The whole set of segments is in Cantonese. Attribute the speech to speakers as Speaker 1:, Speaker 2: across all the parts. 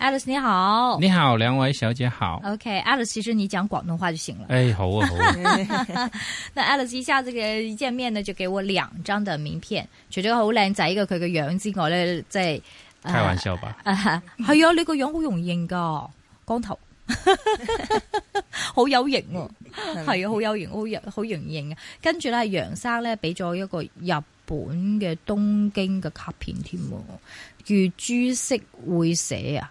Speaker 1: Alice，你好，你
Speaker 2: 好，兩位小姐好。
Speaker 1: OK，Alice 其實你講廣東話就行了。哎，好啊，好啊。 那 Alice，一下，這個一見面呢，就給我兩張的名片。除咗好靚仔嘅佢嘅樣之外咧，即、呃、係開玩笑吧？係啊，哎、你個樣好容易認噶，光頭， 好有型。係啊，好有型，好有好型型。跟住咧，楊生咧俾咗一個日本嘅東京嘅卡片添，叫株式會社啊。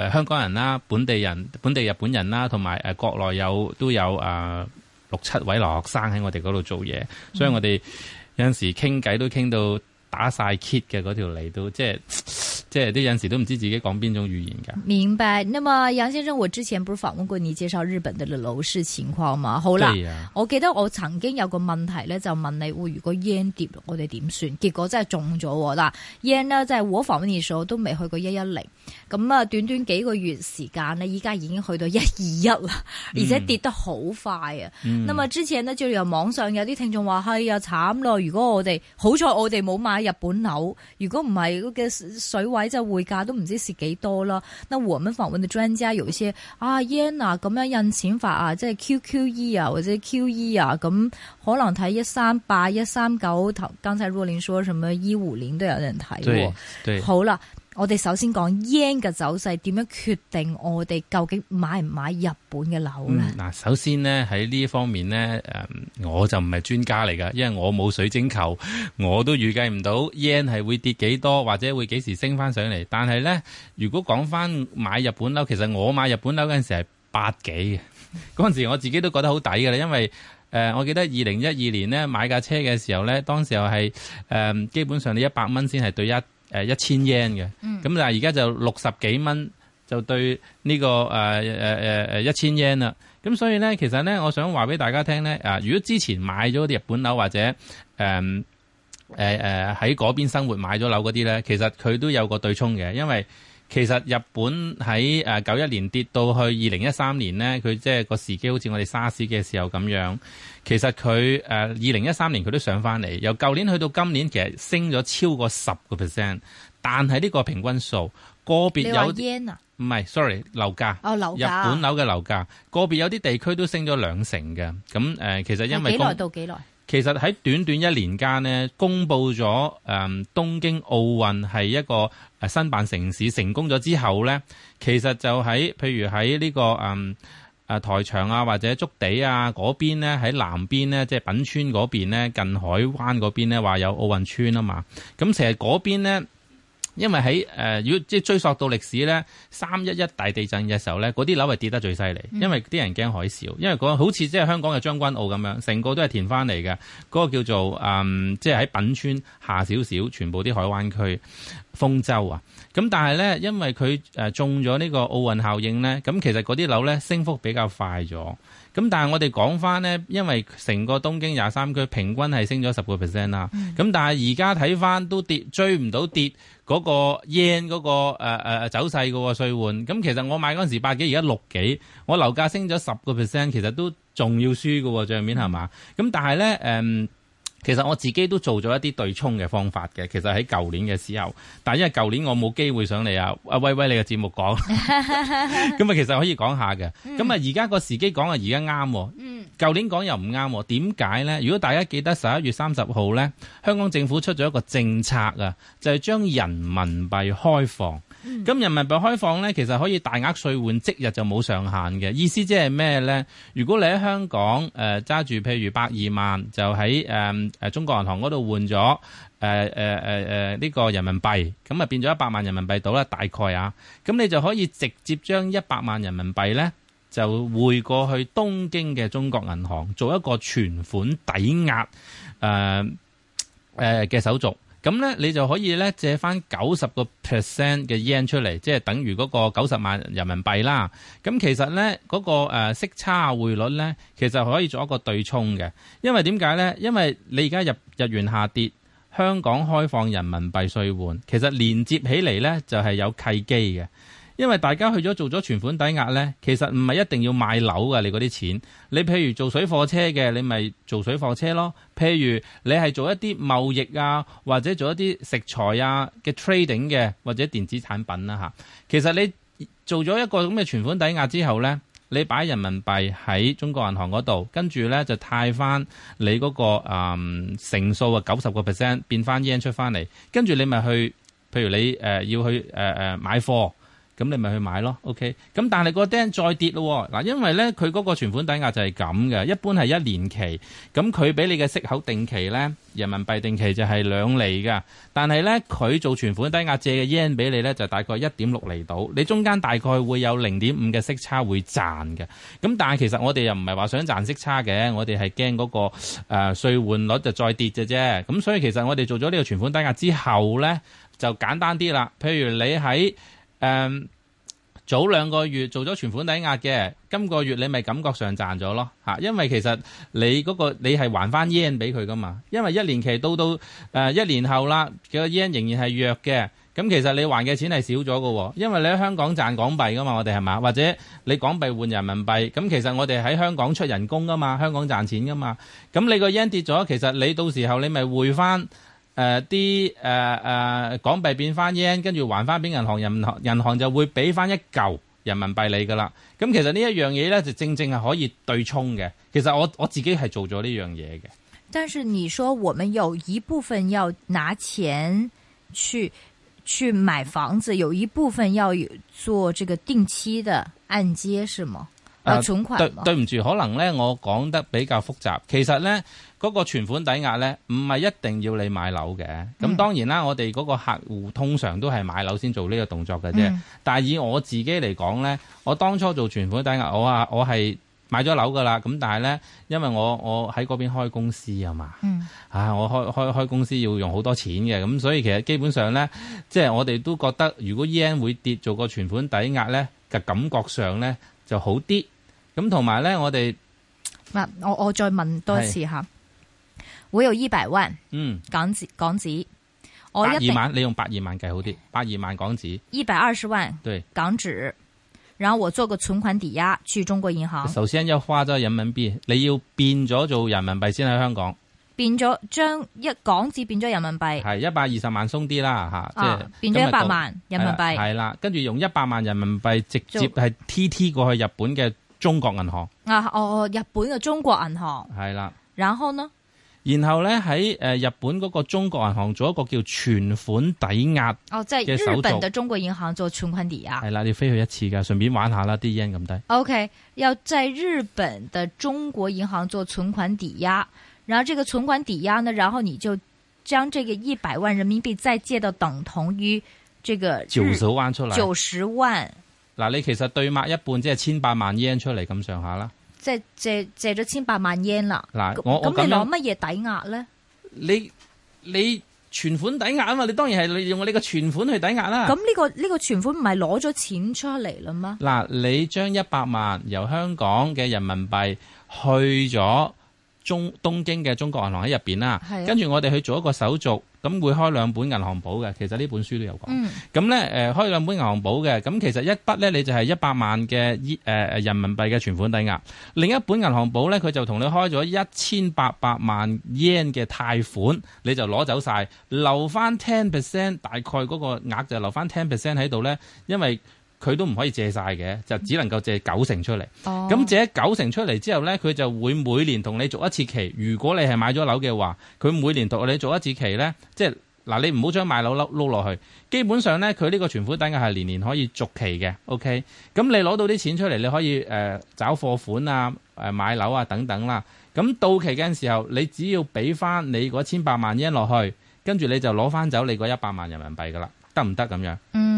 Speaker 2: 呃、香港人啦，本地人、本地日本人啦，同埋、呃、國內有都有誒、呃、六七位留學生喺我哋嗰度做嘢，嗯、所以我哋有時傾偈都傾到打曬 h t 嘅嗰條嚟都即係。即係啲有陣時都唔知自己講邊種語言噶。
Speaker 1: 明白，那麼楊先生，我之前不是訪問過你介紹日本的樓市情況嘛？好啦，啊、我記得我曾經有個問題咧，就問你會如果 yen 跌，我哋點算？結果真係中咗嗱 yen 咧，即係我房本係都未去過一一零，咁啊短短幾個月時間呢，依家已經去到一二一啦，而且跌得好快啊！咁啊、嗯、之前呢，就由網上有啲聽眾話，係啊慘咯，如果我哋好彩，我哋冇買日本樓，如果唔係嘅水位。睇就匯價都唔知是幾多啦，那我們訪問的專家有一些啊 yen 啊咁樣印錢法啊，即係 QQE 啊或者 QE 啊，咁可能睇一三八一三九頭，剛才若琳說什麼一五零都有人睇，對，好啦。我哋首先講 yen 嘅走勢點樣決定我哋究竟買唔買日本嘅樓。
Speaker 2: 嗱，首先呢，喺呢一方面呢，誒，我就唔係專家嚟噶，因為我冇水晶球，我都預計唔到 yen 係會跌幾多或者會幾時升翻上嚟。但係呢，如果講翻買日本樓，其實我買日本樓嗰陣時係百幾嘅，嗰陣 時我自己都覺得好抵噶啦，因為誒，我記得二零一二年呢買架車嘅時候呢，當時候係誒基本上你一百蚊先係對一。誒一千 yen 嘅，咁、呃、但係而家就六十幾蚊，就對呢、這個誒誒誒誒一千 yen 啦。咁、呃呃、所以咧，其實咧，我想話俾大家聽咧，啊、呃，如果之前買咗啲日本樓或者誒誒誒喺嗰邊生活買咗樓嗰啲咧，其實佢都有個對沖嘅，因為。其實日本喺誒九一年跌到去二零一三年咧，佢即係個時機好似我哋沙士嘅時候咁樣。其實佢誒二零一三年佢都上返嚟，由舊年去到今年，其實升咗超過十個 percent。但係呢個平均數個別有，唔係、啊，sorry 樓價，哦樓價，日本樓嘅樓價個別有啲地區都升咗兩成嘅。咁誒其實因為幾耐到幾耐？其實喺短短一年間呢，公布咗誒東京奧運係一個誒申辦城市成功咗之後呢，其實就喺譬如喺呢、這個誒誒台場啊或者築地啊嗰邊咧，喺南邊呢，即係、就是、品川嗰邊咧近海灣嗰邊咧話有奧運村啊嘛，咁其實嗰邊咧。因為喺誒，如果即係追溯到歷史咧，三一一大地震嘅時候咧，嗰啲樓係跌得最犀利，因為啲人驚海嘯。因為嗰、嗰個、好似即係香港嘅將軍澳咁樣，成個都係填翻嚟嘅，嗰、嗰個叫做誒，即係喺品川、下少少，全部啲海灣區、豐洲啊，咁但係咧，因為佢中咗呢個奧運效應咧，咁其實嗰啲樓咧升幅比較快咗。咁但係我哋講翻咧，因為成個東京廿三區平均係升咗十個 percent 啦。咁、嗯、但係而家睇翻都跌，追唔到跌嗰個 yen 嗰、嗰個、呃、走勢嘅喎，兌換。咁其實我買嗰陣時八幾，而家六幾，我樓價升咗十個 percent，其實都仲要輸嘅喎，賬面係嘛？咁但係咧誒。呃其實我自己都做咗一啲對沖嘅方法嘅，其實喺舊年嘅時候，但因為舊年我冇機會上嚟啊，阿威威你嘅節目講，咁啊 其實可以講下嘅，咁、嗯、啊而家個時機講啊而家啱，舊年講又唔啱，點解呢？如果大家記得十一月三十號呢，香港政府出咗一個政策啊，就係、是、將人民幣開放。咁人民幣開放咧，其實可以大額兌換即日就冇上限嘅。意思即係咩咧？如果你喺香港誒揸、呃、住，譬如百二萬，就喺誒、呃、中國銀行嗰度換咗誒誒誒呢個人民幣，咁啊變咗一百萬人民幣到啦，大概啊。咁你就可以直接將一百萬人民幣咧，就匯過去東京嘅中國銀行做一個存款抵押誒嘅、呃呃、手續。咁咧，你就可以咧借翻九十個 percent 嘅 yen 出嚟，即係等於嗰個九十萬人民幣啦。咁其實咧，嗰個誒息差匯率咧，其實可以做一個對沖嘅。因為點解咧？因為你而家日日元下跌，香港開放人民幣兌換，其實連接起嚟咧就係有契機嘅。因為大家去咗做咗存款抵押呢，其實唔係一定要買樓嘅。你嗰啲錢，你譬如做水貨車嘅，你咪做水貨車咯。譬如你係做一啲貿易啊，或者做一啲食材啊嘅 trading 嘅，或者電子產品啦吓。其實你做咗一個咁嘅存款抵押之後呢，你擺人民幣喺中國銀行嗰度，跟住呢就貸翻你嗰、嗰個成數啊，九十個 percent 變翻 yen 出翻嚟，跟住你咪去，譬如你、呃、要去誒誒、呃呃、買貨。咁你咪去買咯，OK？咁但係個 yen 再跌咯，嗱，因為咧佢嗰個存款抵押就係咁嘅，一般係一年期，咁佢俾你嘅息口定期咧，人民幣定期就係兩厘嘅，但係咧佢做存款抵押借嘅 yen 俾你咧，就大概一點六厘度，你中間大概會有零點五嘅息差會賺嘅。咁但係其實我哋又唔係話想賺息差嘅，我哋係驚嗰個誒匯、呃、換率就再跌嘅啫。咁所以其實我哋做咗呢個存款抵押之後咧，就簡單啲啦。譬如你喺誒、嗯、早兩個月做咗存款抵押嘅，今個月你咪感覺上賺咗咯，因為其實你嗰、嗰個你係還翻 yen 俾佢噶嘛，因為一年期都到,到、呃、一年後啦，佢個 yen 仍然係弱嘅，咁其實你還嘅錢係少咗嘅喎，因為你喺香港賺港幣噶嘛，我哋係嘛，或者你港幣換人民幣，咁其實我哋喺香港出人工噶嘛，香港賺錢噶嘛，咁你個 yen 跌咗，其實你到時候你咪匯翻。誒，啲誒誒，港幣變翻 yen，跟住還翻俾銀行，銀行銀行就會俾翻一嚿人民幣你噶啦。咁其實呢一樣嘢咧，就正正係可以對沖嘅。其實我我自己係做咗呢樣嘢嘅。
Speaker 1: 但是你說我們有一部分要拿錢去去買房子，有一部分要做這個定期的按揭，是嗎？啊，呃、存款對。對
Speaker 2: 唔住，可能咧我講得比較複雜。其實咧。嗰個存款抵押咧，唔係一定要你買樓嘅。咁當然啦，我哋嗰個客戶通常都係買樓先做呢個動作嘅啫。嗯、但係以我自己嚟講咧，我當初做存款抵押，我我係買咗樓噶啦。咁但係咧，因為我我喺嗰邊開公司、嗯、啊嘛，啊我開開開公司要用好多錢嘅，咁所以其實基本上咧，即係我哋都覺得如果 yen 會跌，做個存款抵押咧嘅感覺上咧就好啲。咁同埋咧，我哋
Speaker 1: 嗱，我我再問多一次嚇。我有一百萬港，嗯，港紙港紙，百二萬，你用
Speaker 2: 百二萬計好啲，百二萬港紙，
Speaker 1: 一百二十萬，對港紙，然後我做個存款抵押去中國銀行。
Speaker 2: 首先要花咗人民幣，你要變咗做人民幣先，喺香港
Speaker 1: 變咗，將一港紙變咗人民幣，係
Speaker 2: 一百二十萬鬆啲啦吓，啊、即係變咗一百萬
Speaker 1: 人民幣，係
Speaker 2: 啦、啊，跟住、啊、用一百萬人民幣直接係 T T 過去日本嘅中國銀行
Speaker 1: 啊哦，哦，日本嘅中國銀行係啦，啊、然後呢？
Speaker 2: 然後咧喺誒日本嗰個中國銀行做一個叫存款抵押的哦，即係日本的
Speaker 1: 中國銀行做存款抵押係
Speaker 2: 啦，你要飛去一次噶，順便玩一下啦啲 yen 咁低。
Speaker 1: O、okay, K，要在日本的中國銀行做存款抵押，然後這個存款抵押呢，然後你就將這個一百萬人民幣再借到等同於這個九十萬出嚟，九十萬
Speaker 2: 嗱，你其實對埋一半即係千八萬 yen 出嚟咁上下啦。
Speaker 1: 即係借借咗千百萬 yen 啦，嗱、啊，我咁你攞乜嘢抵押咧？
Speaker 2: 你你存款抵押啊嘛，你當然係用我呢個存款去抵押啦。咁
Speaker 1: 呢、這個呢、這個存款唔係攞咗錢出嚟啦嗎？
Speaker 2: 嗱、啊，你將一百萬由香港嘅人民幣去咗中東京嘅中國銀行喺入邊啦，啊、跟住我哋去做一個手續。咁會開兩本銀行簿嘅，其實呢本書都有講。咁咧、嗯，誒、呃、開兩本銀行簿嘅，咁其實一筆咧你就係一百萬嘅依誒人民幣嘅存款抵押，另一本銀行簿咧佢就同你開咗一千八百萬 yen 嘅貸款，你就攞走晒，留翻 ten percent，大概嗰個額就留翻 ten percent 喺度咧，因為，佢都唔可以借晒嘅，就只能夠借九成出嚟。咁、哦、借九成出嚟之後呢，佢就會每年同你續一次期。如果你係買咗樓嘅話，佢每年同你續一次期呢，即係嗱，你唔好將買樓撈落去。基本上呢，佢呢個存款等嘅係年年可以續期嘅。OK，咁你攞到啲錢出嚟，你可以誒、呃、找貨款啊、誒買樓啊等等啦。咁到期嘅時候，你只要俾翻你嗰一千八百萬日圓落去，跟住你就攞翻走你嗰一百萬人民幣噶啦，得唔得咁樣？嗯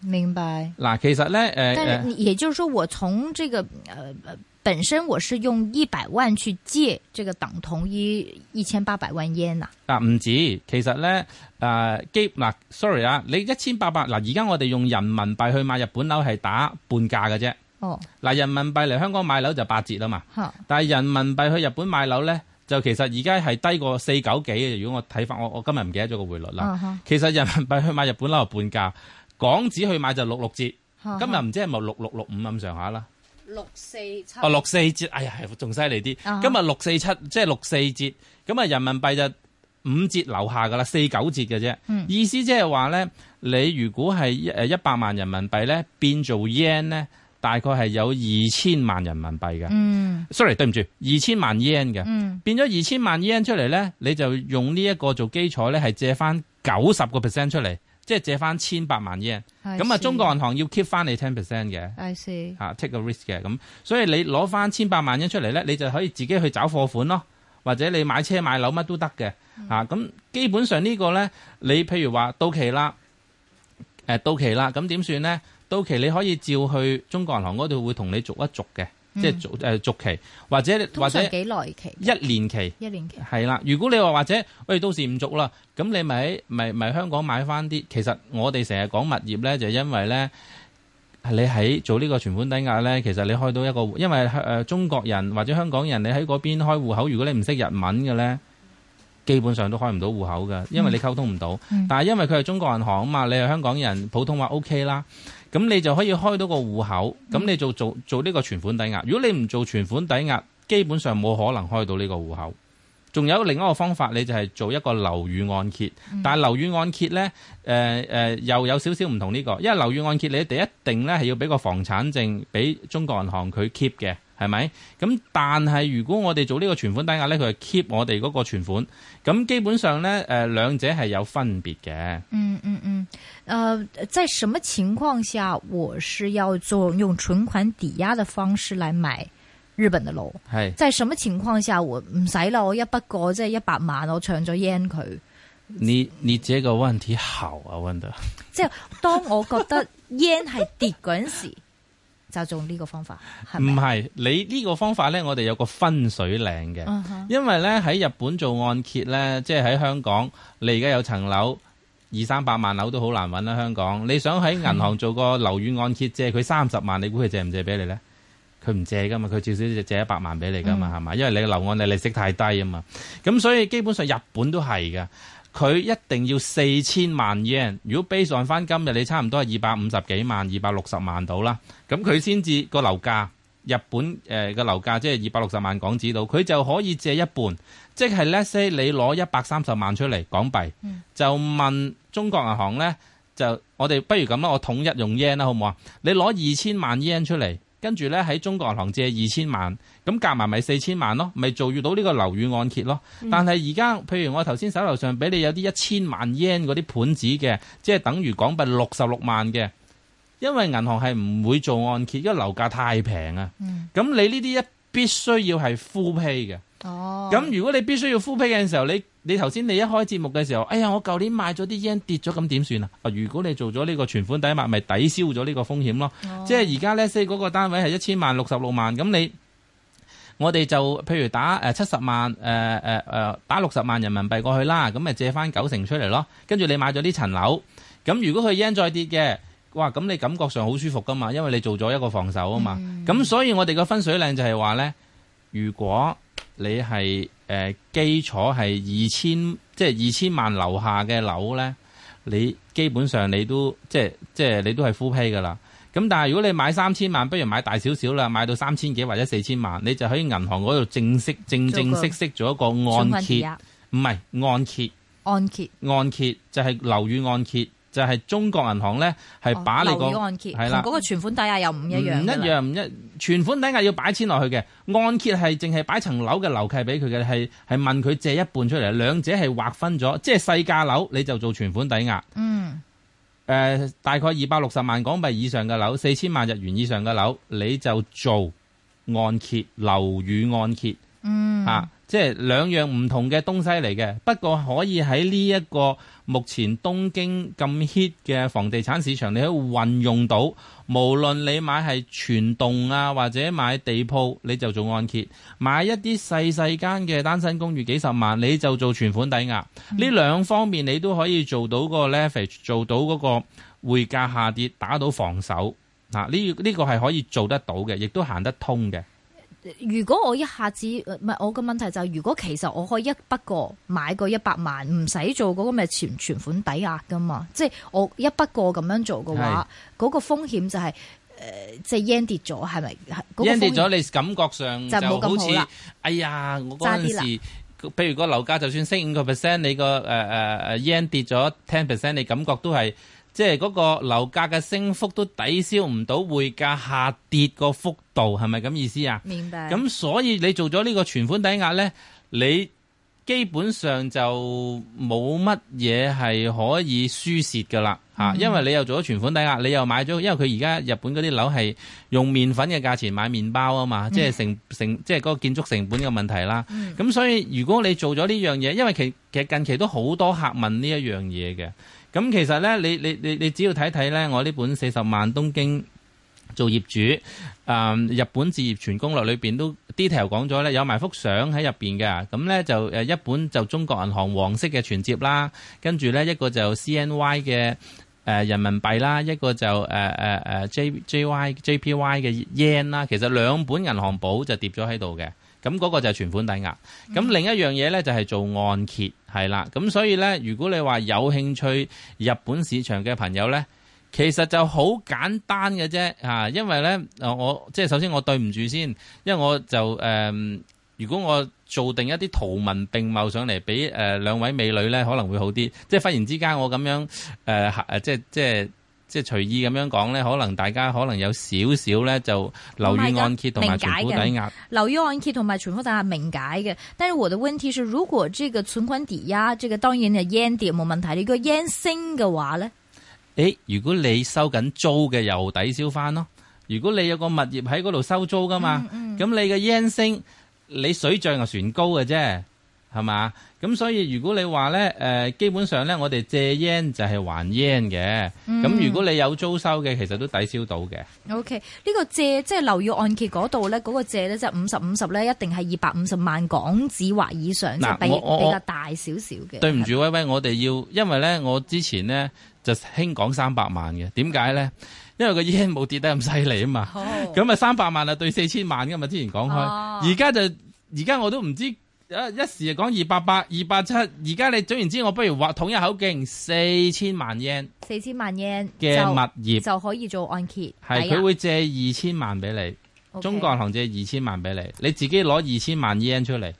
Speaker 2: 明白嗱、啊，其實咧，誒、呃，但
Speaker 1: 係也就是說，我從這個，誒、呃，本身我是用一百萬去借，這個等同於一千八百萬 yen 啊。嗱、
Speaker 2: 啊，唔止，其實咧，誒、啊，Gabe，啊，sorry 啊，你一千八百嗱，而家我哋用人民幣去買日本樓係打半價嘅啫。哦，嗱、啊，人民幣嚟香港買樓就八折啦嘛。哈但係人民幣去日本買樓咧，就其實而家係低過四九幾嘅。如果我睇法，我我今日唔記得咗個匯率啦。啊、哈其實人民幣去買日本樓係半價。港紙去買就六六折，今日唔知係咪六六六五咁上下啦。
Speaker 1: 六四七？哦，六四折，哎
Speaker 2: 呀，仲犀利啲。今日六四七，即係六四折。咁啊，人民幣就五折樓下噶啦，四九折嘅啫。嗯、意思即係話咧，你如果係誒一百萬人民幣咧，變做 yen 咧，大概係有二千萬人民幣嘅。嗯。sorry，對唔住，二千萬 yen 嘅。嗯。變咗二千萬 yen 出嚟咧，你就用呢一個做基礎咧，係借翻九十個 percent 出嚟，即係借翻千百萬日圓，咁啊是中國銀行要 keep 翻你 ten percent 嘅，係是、啊、take 個 risk 嘅咁、啊，所以你攞翻千百萬日圓出嚟咧，你就可以自己去找貨款咯，或者你買車買樓乜都得嘅。咁基本上個呢個咧，你譬如話到期啦，誒、呃、到期啦，咁點算咧？到期你可以照去中國銀行嗰度會同你續一續嘅。即係續期，或者或者幾耐期，一年期，一年期係啦。如果你話或者喂，到時唔續啦，咁你咪喺咪咪香港買翻啲。其實我哋成日講物業呢，就係、因為呢，你喺做呢個存款抵押呢，其實你開到一個，因為、呃、中國人或者香港人，你喺嗰邊開戶口，如果你唔識日文嘅呢，基本上都開唔到戶口嘅，因為你溝通唔到。嗯、但係因為佢係中國銀行啊嘛，你係香港人，普通話 OK 啦。咁你就可以開到個戶口，咁你就做做做呢個存款抵押。如果你唔做存款抵押，基本上冇可能開到呢個戶口。仲有另一個方法，你就係做一個樓宇按揭。但係樓宇按揭呢，誒、呃呃、又有少少唔同呢個，因為樓宇按揭你哋一定呢係要俾個房產證俾中國銀行佢 keep 嘅。係咪？咁但係如果我哋做呢個存款抵押咧，佢係 keep 我哋嗰個存款。咁基本上咧，誒、呃、兩者係有分別嘅、嗯。嗯嗯嗯。
Speaker 1: 誒、呃，在什麼情況下我是要做用存款抵押嘅方式嚟買日本的樓？係是。在什麼情況下我唔使啦？我一筆過即係一百萬，我搶咗 yen 佢。
Speaker 2: 你你這個問題好啊，問得。
Speaker 1: 即係當我覺得 yen 係跌嗰陣時。 就做呢個方法唔
Speaker 2: 係？你呢個方法呢，我哋有個分水嶺嘅，嗯、哼因為呢，喺日本做按揭呢，即係喺香港，你而家有層樓二三百萬樓都好難揾啦、啊。香港你想喺銀行做個樓宇按揭借佢三十萬，你估佢借唔借俾你呢？佢唔借噶嘛，佢至少借一百萬俾你噶嘛，係嘛、嗯？因為你個樓按你利息太低啊嘛，咁所以基本上日本都係噶。佢一定要四千萬 yen，如果 base on 翻今日你差唔多係二百五十幾萬、二百六十萬到啦，咁佢先至個樓價，日本誒個樓價即係二百六十萬港紙到，佢就可以借一半，即係 let's say 你攞一百三十萬出嚟港幣，嗯、就問中國銀行咧，就我哋不如咁啦，我統一用 yen 啦，好唔好啊？你攞二千萬 yen 出嚟。跟住呢，喺中國銀行借二千萬，咁夾埋咪四千萬咯，咪做遇到呢個樓宇按揭咯。但係而家譬如我頭先手頭上俾你有啲一千萬 yen 嗰啲盤子嘅，即係等於港幣六十六萬嘅，因為銀行係唔會做按揭，因為樓價太平啊。咁、嗯、你呢啲一必須要係 full pay 嘅。哦，咁如果你必須要 full pay 嘅時候，你你頭先你一開節目嘅時候，哎呀，我舊年買咗啲 yen 跌咗，咁點算啊？啊，如果你做咗呢個存款抵押咪抵消咗呢個風險咯。哦、即係而家呢即係嗰個單位係一千萬六十六萬，咁你我哋就譬如打誒、呃、七十萬，誒誒誒，打六十萬人民幣過去啦，咁咪借翻九成出嚟咯。跟住你買咗呢層樓，咁如果佢 yen 再跌嘅，哇，咁你感覺上好舒服噶嘛，因為你做咗一個防守啊嘛。咁、嗯、所以我哋個分水嶺就係話呢。如果你係誒基礎係二千，即係二千萬樓下嘅樓呢，你基本上你都即係即係你都係 full pay 噶啦。咁但係如果你買三千萬，不如買大少少啦，買到三千幾或者四千萬，你就可以喺銀行嗰度正式正正式式做一個按揭，唔係按揭，按揭，按揭就係樓宇按揭。就係中國銀行呢，係把你個同嗰個
Speaker 1: 存款抵押又唔一,一樣，唔一樣
Speaker 2: 唔一存款抵押要擺錢落去嘅，按揭係淨係擺層樓嘅樓契俾佢嘅，係係問佢借一半出嚟，兩者係劃分咗，即係細價樓你就做存款抵押，嗯，誒、呃、大概二百六十萬港幣以上嘅樓，四千萬日元以上嘅樓你就做按揭，樓宇按揭，嗯啊。即係兩樣唔同嘅東西嚟嘅，不過可以喺呢一個目前東京咁 hit 嘅房地產市場，你可以運用到，無論你買係全棟啊，或者買地鋪，你就做按揭；買一啲細細間嘅單身公寓幾十萬，你就做存款抵押。呢兩、嗯、方面你都可以做到個 leverage，做到嗰個匯價下跌打到防守。嗱，呢呢個係可以做得到嘅，亦都行得通嘅。
Speaker 1: 如果我一下子唔係我個問題就係、是、如果其實我可以一筆過買個一百萬唔使做嗰個咩存存款抵押噶嘛，即係我一筆過咁樣做嘅話，嗰是個風險就係誒即係 yen 跌咗係咪？yen 跌咗
Speaker 2: 你感覺上就冇咁好，好似哎呀我嗰陣時，譬如個樓價就算升五個 percent，你個誒誒誒 yen 跌咗 ten percent，你感覺都係。即係嗰個樓價嘅升幅都抵消唔到匯價下跌個幅度，係咪咁意思啊？明白。咁所以你做咗呢個存款抵押呢，你基本上就冇乜嘢係可以輸蝕噶啦吓、嗯、因為你又做咗存款抵押，你又買咗，因為佢而家日本嗰啲樓係用麵粉嘅價錢買麵包啊嘛，嗯、即係成成即係嗰個建築成本嘅問題啦。咁、嗯、所以如果你做咗呢樣嘢，因為其其實近期都好多客問呢一樣嘢嘅。咁其實咧，你你你你只要睇睇咧，我呢本四十萬東京做業主，呃、日本置業全攻略裏面都 detail 講咗咧，有埋幅相喺入面嘅。咁咧就呃一本就中國銀行黃色嘅存折啦，跟住咧一個就 CNY 嘅呃人民幣啦，一個就 J JY JPY 嘅 yen 啦。其實兩本銀行簿就疊咗喺度嘅。咁嗰個就係存款抵押，咁另一樣嘢呢，就係、是、做按揭，係啦。咁所以呢，如果你話有興趣日本市場嘅朋友呢，其實就好簡單嘅啫，因為呢，我即係首先我對唔住先，因為我就、呃、如果我做定一啲圖文並茂上嚟俾誒兩位美女呢，可能會好啲。即係忽然之間我咁樣、呃、即係即係。即係隨意咁樣講咧，可能大家可能有少少咧，就樓宇按揭同埋存款抵押，
Speaker 1: 樓宇、oh、按揭同埋存款抵押明解嘅。但係我的問題是，如果這個存款抵押，這個當然係 yen 跌冇問題，你個 yen 升嘅話咧，
Speaker 2: 誒、欸，如果你收緊租嘅又抵消翻咯。如果你有個物業喺嗰度收租噶嘛，咁、嗯嗯、你嘅 yen 升，你水漲就船高嘅啫。係嘛？咁所以如果你話咧，誒、呃、基本上咧，我哋借 yen 就係還 yen 嘅。咁如果你有租收嘅，其實都抵消到嘅。
Speaker 1: O K，呢個借即係樓宇按揭嗰度咧，嗰、那個借咧即係五十五十咧，一定係二百五十萬港紙或以上，就喇比比較大少少嘅。對唔
Speaker 2: 住威威，我哋吧要因為咧，我之前咧就興講三百萬嘅。點解咧？因為個 yen 冇跌得咁犀利啊嘛。咁啊三百萬啊對四千萬㗎嘛，之前講開，而家、oh. 就而家我都唔知。一一時就講二百八、二百七，而家你總言之，我不如話統一口徑，四千萬 yen，
Speaker 1: 四千萬 yen 嘅物業就，就可以做按揭，係佢是、哎、呀會
Speaker 2: 借二千萬俾你，Okay.
Speaker 1: 中國銀行
Speaker 2: 借二千萬俾你，你自己攞二千萬 yen 出嚟，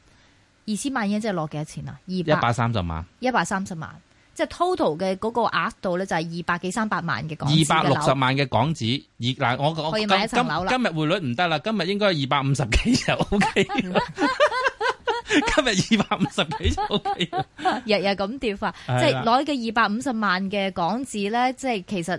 Speaker 1: 二千萬 yen 即係落幾多錢啊？二百
Speaker 2: 三十萬，
Speaker 1: 一百三十萬，即係 total 嘅嗰個額度咧，就係二百幾三百萬嘅港，二百六十
Speaker 2: 萬嘅港紙，嗱，我我今日匯率唔得啦，今日應該係二百五十幾就 OK。 今日二百五十幾，
Speaker 1: 日日咁跌法，即係攞嘅二百五十萬嘅港紙咧，即係其實。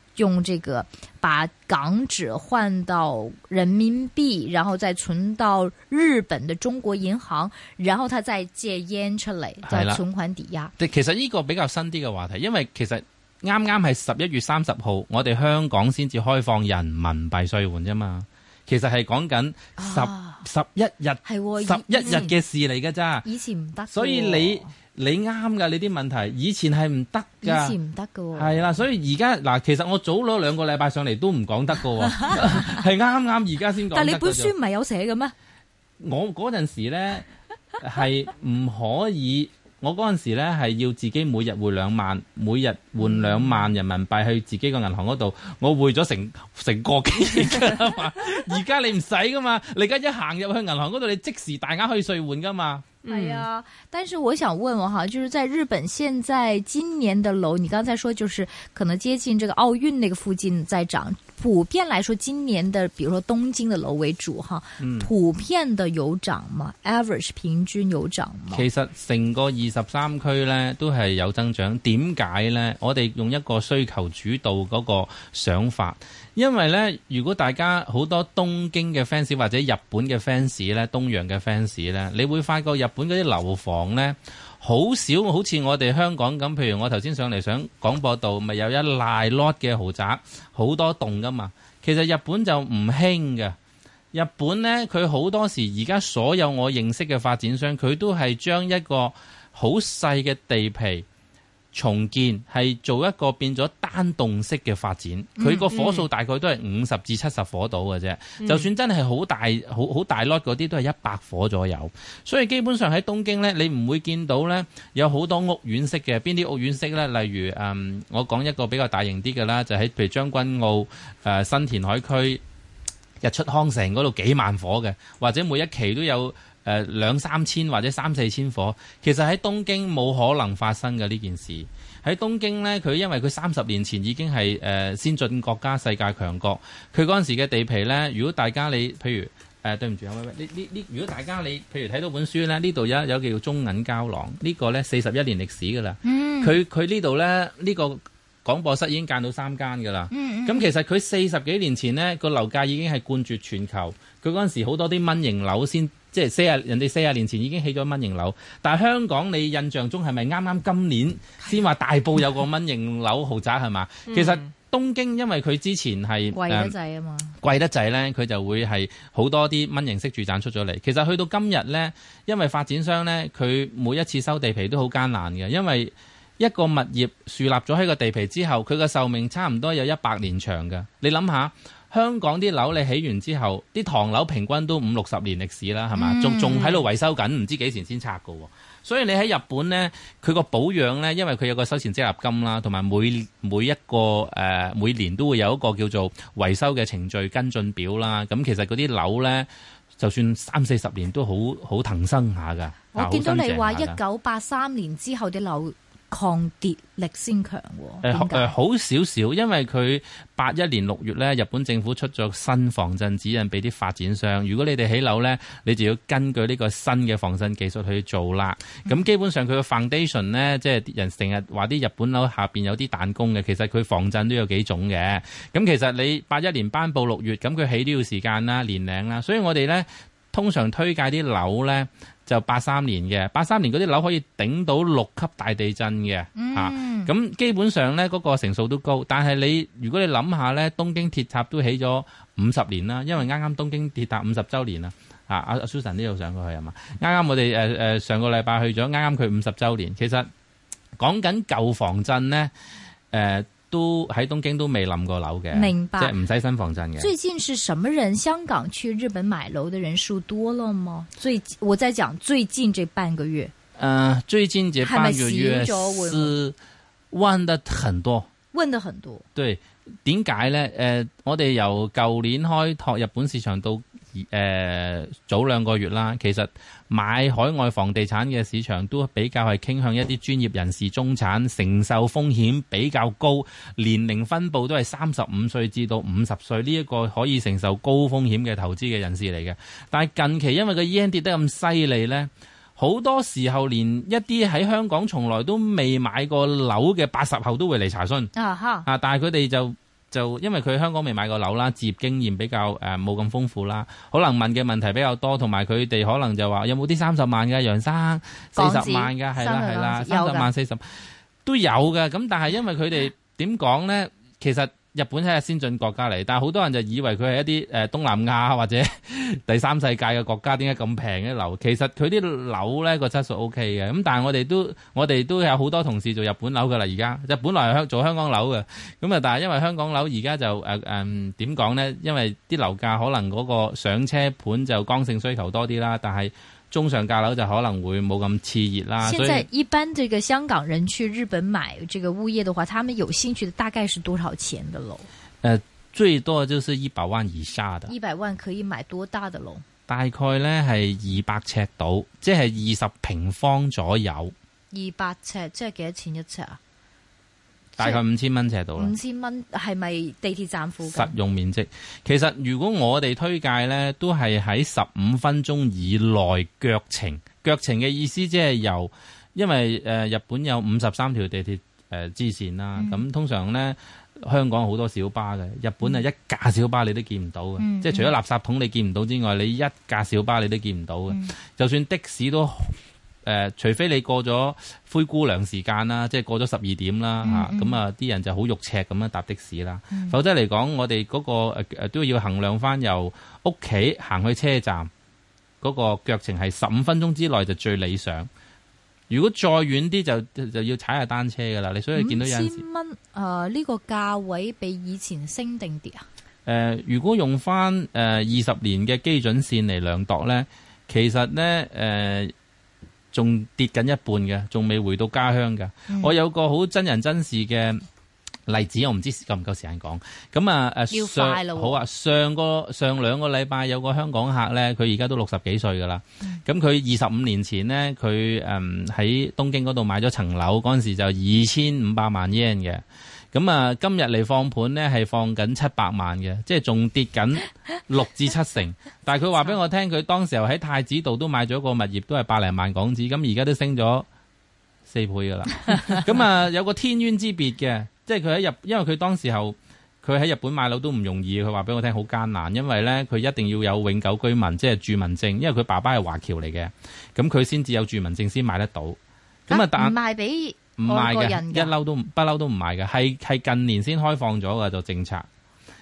Speaker 1: 用這個把港紙換到人民幣，然後再存到日本的中國銀行，然後佢再借煙出嚟，的再存款抵押。
Speaker 2: 其實呢個比較新啲嘅話題，因為其實啱啱係十一月三十號，我哋香港先至開放人民幣兌換啫嘛。其實係講緊十十一、啊、日，十一的日嘅事嚟㗎咋。以前唔
Speaker 1: 得，所以你。
Speaker 2: 你啱噶，你啲問題以前係唔得噶，以前唔得噶喎，係啦、哦，所以而家嗱，其實我早攞兩個禮拜上嚟都唔講得噶喎，係啱啱而家先講。但你本書
Speaker 1: 唔係有寫嘅咩？
Speaker 2: 我嗰陣時咧係唔可以，我嗰陣時咧係要自己每日匯兩萬，每日換兩萬人民幣去自己個銀行嗰度，我匯咗成成個幾月㗎嘛。而家 你唔使噶嘛，你而家一行入去銀行嗰度，你即時大額可以兌換㗎嘛。
Speaker 1: 係呀，嗯嗯、但是我想問問哈，就是在日本現在今年的樓，你剛才說就是可能接近這個奧運那個附近在漲，普遍來說今年的，比如說東京的樓為主哈，普遍的有漲嘛？average 平均有漲嘛？其
Speaker 2: 實成個二十三區呢，都係有增長，點解呢？我哋用一個需求主導嗰個想法。因為咧，如果大家好多東京嘅 fans 或者日本嘅 fans 咧，東洋嘅 fans 咧，你會發覺日本嗰啲樓房咧，好少好似我哋香港咁。譬如我頭先上嚟上廣播道，咪有一列 lot 嘅豪宅，好多棟噶嘛。其實日本就唔興嘅。日本咧，佢好多時而家所有我認識嘅發展商，佢都係將一個好細嘅地皮。重建係做一個變咗單棟式嘅發展，佢個火數大概都係五十至七十火度嘅啫。嗯嗯、就算真係好大，好好大 lot 嗰啲都係一百火左右。所以基本上喺東京呢，你唔會見到呢有好多屋苑式嘅。邊啲屋苑式呢？例如誒、嗯，我講一個比較大型啲嘅啦，就喺譬如將軍澳誒、呃、新填海區日出康城嗰度幾萬火嘅，或者每一期都有。誒兩、呃、三千或者三四千火，其實喺東京冇可能發生嘅呢件事。喺東京呢，佢因為佢三十年前已經係、呃、先進國家、世界強國，佢嗰陣時嘅地皮呢，如果大家你譬如誒、呃、對唔住啊，咩咩，呢呢如果大家你譬如睇到本書呢，呢度有有叫中銀膠囊，呢、呢個呢，四十一年歷史㗎啦。佢佢呢度呢，呢、呢個廣播室已經間到三間㗎啦。咁、嗯嗯、其實佢四十幾年前呢，個樓價已經係冠絕全球，佢嗰陣時好多啲蚊型樓先。即係四啊，人哋四啊年前已經起咗蚊型樓，但係香港你印象中係咪啱啱今年先話大埔有個蚊型樓豪宅係嘛？ 嗯、其實東京因為佢之前係貴得滯啊嘛，貴得滯咧佢就會係好多啲蚊型式住宅出咗嚟。其實去到今日咧，因為發展商咧佢每一次收地皮都好艱難嘅，因為一個物業樹立咗喺個地皮之後，佢個壽命差唔多有一百年長嘅。你諗下。香港啲樓你起完之後，啲唐樓平均都五六十年歷史啦，係嘛？仲仲喺度維修緊，唔知幾時先拆噶喎。所以你喺日本呢，佢個保養呢，因為佢有個收錢積立金啦，同埋每每一個誒、呃、每年都會有一個叫做維修嘅程序跟進表啦。咁其實嗰啲樓呢，就算三四十年都好好騰生下㗎，我見到你話一
Speaker 1: 九八三年之後啲樓。抗跌力先強喎、呃，
Speaker 2: 好少少，因為佢八一年六月咧，日本政府出咗新防震指引俾啲發展商，如果你哋起樓咧，你就要根據呢個新嘅防震技術去做啦。咁基本上佢嘅 foundation 咧，即係人成日話啲日本樓下面有啲彈弓嘅，其實佢防震都有幾種嘅。咁其實你八一年頒布六月，咁佢起都要時間啦、年齡啦，所以我哋咧通常推介啲樓咧。就八三年嘅，八三年嗰啲樓可以頂到六級大地震嘅，啊咁基本上呢嗰個成數都高。但係你如果你諗下呢，東京鐵塔都起咗五十年啦，因為啱啱東京鐵塔五十週年啦，啊阿阿 Susan 呢度上過去啊嘛。啱啱我哋誒誒上個禮拜去咗，啱啱佢五十週年。其實講緊舊房震呢，誒。都喺東京都未冧過樓嘅，明白，即係唔使新防震嘅。最近
Speaker 1: 是什麼人？香港去日本買樓的人數多了嗎？最我再講最近這半個月。嗯、
Speaker 2: 呃，最近這半個月是問得很多，
Speaker 1: 呃、問得很多。
Speaker 2: 很多對，點解咧？誒、呃，我哋由舊年開拓日本市場到。誒、呃、早兩個月啦，其實買海外房地產嘅市場都比較係傾向一啲專業人士、中產，承受風險比較高，年齡分布都係三十五歲至到五十歲呢一個可以承受高風險嘅投資嘅人士嚟嘅。但係近期因為個 yen 跌得咁犀利呢，好多時候連一啲喺香港從來都未買過樓嘅八十後都會嚟查詢啊哈但係佢哋就～就因為佢香港未買過樓啦，置業經驗比較誒冇咁豐富啦，可能問嘅問題比較多，同埋佢哋可能就話有冇啲三十萬嘅楊生，四十幣萬嘅係啦係啦，三十萬四十的都有嘅，咁但係因為佢哋點講呢？其實。日本係一個先進國家嚟，但係好多人就以為佢係一啲東南亞或者第三世界嘅國家，點解咁平嘅樓？其實佢啲樓呢個質素 OK 嘅，咁但係我哋都我哋都有好多同事做日本樓㗎啦，而家即係本來香做香港樓嘅，咁啊，但係因為香港樓而家就誒誒點講呢？因為啲樓價可能嗰個上車盤就剛性需求多啲啦，但係。中上價樓就可能會冇咁熾熱啦。現在
Speaker 1: 一般這個香港人去日本買這個物業的話，他們有興趣的大概是多少錢的樓？
Speaker 2: 誒、呃，最多就是一百萬以下的。一
Speaker 1: 百萬可以買多大的樓？
Speaker 2: 大概呢係二百尺度，即係二十平方左右。
Speaker 1: 二百尺即係幾多錢一尺啊？
Speaker 2: 大概五千蚊程度，五
Speaker 1: 千蚊係咪地鐵站附近？實
Speaker 2: 用面積其實，如果我哋推介呢，都係喺十五分鐘以內腳程。腳程嘅意思即係由，因為、呃、日本有五十三條地鐵誒支線啦。咁、呃嗯、通常呢，香港好多小巴嘅，日本係一架小巴你都見唔到嘅。嗯、即係除咗垃圾桶你見唔到之外，你一架小巴你都見唔到嘅。嗯、就算的士都。誒、呃，除非你過咗灰姑娘時間啦，即係過咗十二點啦嚇，咁、嗯嗯、啊啲人就好肉赤咁樣搭的士啦。嗯嗯，否則嚟講，我哋嗰、那個、呃、都要衡量翻由屋企行去車站嗰、那個腳程係十五分鐘之內就最理想。如果再遠啲，就就要踩下單車噶啦。你所以見到有時
Speaker 1: 五千蚊呢、呃這個價位比以前升定跌啊、呃？
Speaker 2: 如果用翻誒二十年嘅基準線嚟量度咧，其實咧誒。呃仲跌緊一半嘅，仲未回到家鄉嘅。嗯、我有個好真人真事嘅例子，我唔知夠唔夠時間講。咁啊誒，上好啊，上個上兩個禮拜有個香港客咧，佢而家都六十幾歲㗎啦。咁佢二十五年前咧，佢誒喺東京嗰度買咗層樓，嗰陣時就二千五百萬日圓嘅。咁啊，今日嚟放盤咧，係放緊七百萬嘅，即係仲跌緊六至七成。但係佢話俾我聽，佢當時候喺太子道都買咗個物業，都係百零萬港紙。咁而家都升咗四倍噶啦。咁啊， 有個天淵之別嘅，即係佢喺日本，因為佢當時候佢喺日本買樓都唔容易。佢話俾我聽好艱難，因為咧佢一定要有永久居民，即係住民證。因為佢爸爸係華僑嚟嘅，咁佢先至有住民證先買得到。咁啊，但
Speaker 1: 賣俾。唔賣嘅，一
Speaker 2: 嬲都不嬲都唔賣嘅，係係近年先開放咗㗎，就政策。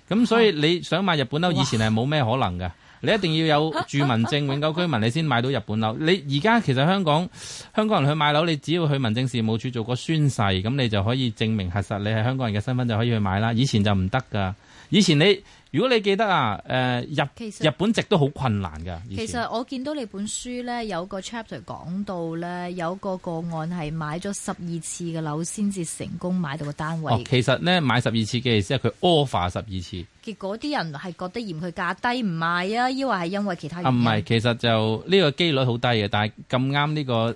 Speaker 2: 咁所以你想買日本樓，以前係冇咩可能㗎。啊、你一定要有住民證、永久居民，你先買到日本樓。你而家其實香港香港人去買樓，你只要去民政事務處做個宣誓，咁你就可以證明核實你係香港人嘅身份，就可以去買啦。以前就唔得噶，以前你。如果你記得啊，誒、呃、日日本值都好困難㗎。其實
Speaker 1: 我見到你本書咧，有個 chapter 講到咧，有個個案係買咗十二次嘅樓先至成功買到個單位，哦。其
Speaker 2: 實呢，買十二次嘅意思係佢 offer 十二次，
Speaker 1: 結果啲人係覺得嫌佢價低唔賣啊，抑或係因為其他原因。唔係、
Speaker 2: 啊，其實就呢個機率好低嘅，但係咁啱呢個誒呢、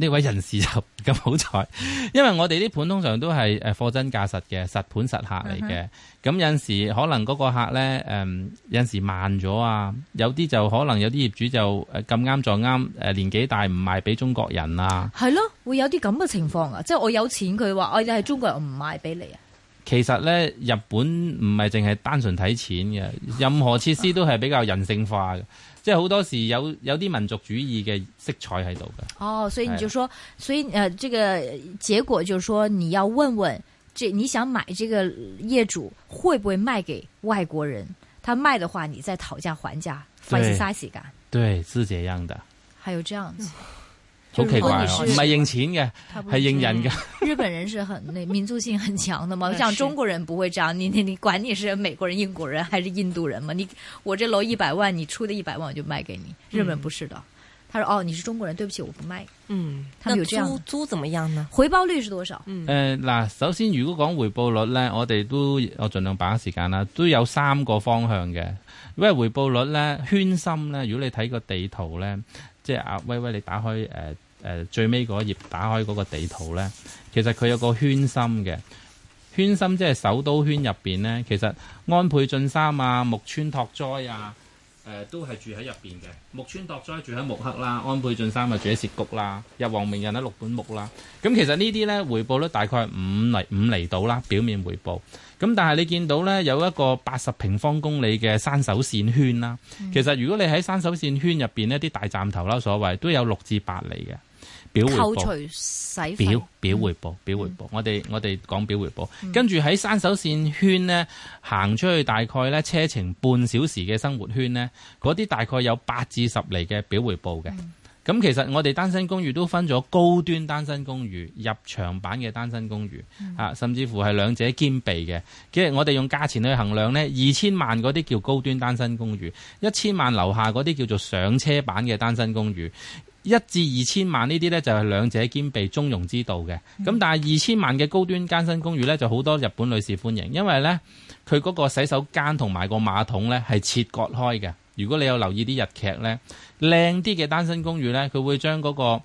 Speaker 2: 呃、位人士就咁好彩， 因為我哋啲盤通常都係誒貨真價實嘅實盤實客嚟嘅，咁、嗯、哼有陣時可能嗰個客。咧，誒、嗯、有陣時慢咗啊，有啲就可能有啲業主就咁啱撞啱誒年紀大，唔賣俾中國人啊。
Speaker 1: 係咯，會有啲咁嘅情況啊，即係我有錢，佢話我你係中國人，唔賣俾你啊。
Speaker 2: 其實咧，日本唔係淨係單純睇錢嘅，任何設施都係比較人性化嘅，啊、即係好多時有有啲民族主義嘅色彩喺度嘅。
Speaker 1: 哦，所以你就說，的所以誒，這個結果就是說，你要問問。這你想買這個業主會不會賣給外國人？他賣的話，你再討價還價。翻譯啥去感。
Speaker 2: 對，是這樣的。
Speaker 1: 還有這樣子，好奇怪啊！不賣贏
Speaker 2: 錢的，他不贏人的。
Speaker 1: 日本人是很那民族性很強的嘛， 像中國人不會這樣。你你你管你是美國人、英國人還是印度人嗎？你我這樓一百萬，你出的一百萬我就賣給你。日本不是的。嗯他說：哦，你是中國人，對不起，我不賣。嗯，他有的租租怎麼樣呢？回報率是多少？誒、
Speaker 2: 嗯，嗱、呃，首先如果講回報率咧，我哋都我盡量把握時間啦，都有三個方向嘅。因為回報率咧，圈心咧，如果你睇個地圖咧，即係阿威威，你打開誒誒、呃呃、最尾嗰頁，打開嗰個地圖咧，其實佢有個圈心嘅，圈心即係首都圈入邊咧，其實安倍晉三啊、木村拓哉啊。誒、呃、都係住喺入面嘅，村度木村拓哉住喺目黑啦，安倍晉三就住喺澀谷啦，日皇明仁喺六本木啦。咁其實呢啲呢，回報率大概五釐五厘到啦，表面回報。咁但係你見到呢，有一個八十平方公里嘅山手線圈啦，嗯、其實如果你喺山手線圈入面，呢啲大站頭啦，所謂都有六至八厘嘅。表扣除
Speaker 1: 洗費，表表回
Speaker 2: 報，表回報。嗯、我哋我哋講表回報，嗯、跟住喺山手線圈呢，行出去大概呢車程半小時嘅生活圈呢，嗰啲大概有八至十厘嘅表回報嘅。咁、嗯、其實我哋單身公寓都分咗高端單身公寓，入場版嘅單身公寓，啊、嗯，甚至乎係兩者兼備嘅。即係我哋用價錢去衡量呢，二千萬嗰啲叫高端單身公寓，一千萬樓下嗰啲叫做上車版嘅單身公寓。一至二千萬呢啲呢，就係兩者兼備中庸之道嘅，咁、嗯、但係二千萬嘅高端單身公寓呢，就好多日本女士歡迎，因為呢，佢嗰個洗手間同埋個馬桶呢，係切割開嘅。如果你有留意啲日劇呢，靚啲嘅單身公寓呢，佢會將嗰、嗰個，.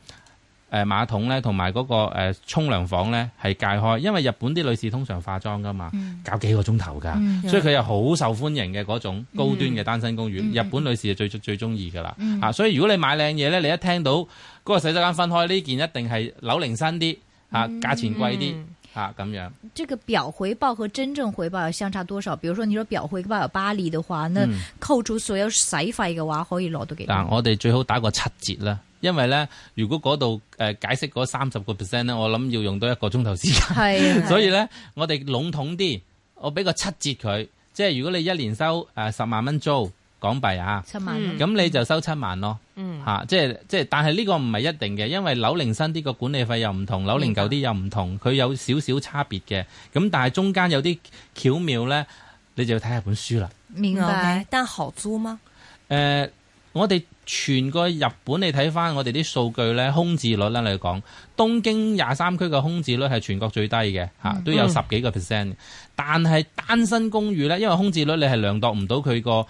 Speaker 2: 誒馬桶咧，同埋嗰個誒沖涼房咧係隔開，因為日本啲女士通常化妝噶嘛，嗯、搞幾個鐘頭噶，嗯、所以佢又好受歡迎嘅嗰種高端嘅單身公寓，嗯嗯、日本女士最最最中意噶啦嚇。嗯、所以如果你買靚嘢咧，你一聽到嗰個洗手間分開呢件，一定係樓齡新啲嚇，價錢貴啲嚇咁樣。
Speaker 1: 這個表回報和真正回報相差多少？比如說，你說表回報有八釐的話，呢、嗯、扣除所有使費嘅話，可以攞到幾多？
Speaker 2: 嗱，我哋最好打個七折啦。因為咧，如果嗰度誒解釋嗰三十個 percent 咧，我諗要用多一個鐘頭時間。係。是啊、所以咧，我哋籠統啲，我俾個七折佢。即係如果你一年收誒、呃、十萬蚊租港幣啊，七萬蚊，咁你就收七萬咯。嗯。吓、嗯啊，即係即係，但係呢個唔係一定嘅，因為樓齡新啲個管理費又唔同，樓齡舊啲又唔同，佢有少少差別嘅。咁但係中間有啲巧妙咧，你就要睇下本書啦。
Speaker 1: 明白。單合租嗎？誒、
Speaker 2: 呃，我哋。全個日本你睇翻我哋啲數據呢，空置率咧嚟講，東京廿三區嘅空置率係全國最低嘅，嗯、都有十幾個 percent。但係單身公寓呢，因為空置率你係量度唔到佢個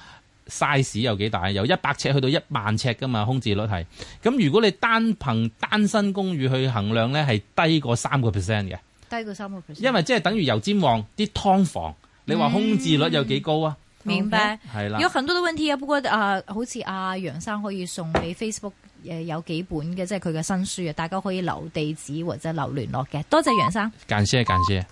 Speaker 2: size 有幾大，由一百尺去到一萬尺噶嘛，空置率係。咁如果你單憑單身公寓去衡量呢，係低過三個 percent 嘅。
Speaker 1: 低過三個 percent。因為
Speaker 2: 即係等於油尖旺啲劏房，你話空置率有幾高啊？嗯
Speaker 1: 明白，係啦、嗯。有很多嘅問題啊，不過、呃、好似啊，好似阿楊生可以送俾 Facebook、呃、有幾本嘅，即係佢嘅新書啊，大家可以留地址或者留聯絡嘅。多謝楊生。
Speaker 2: 感謝，感謝。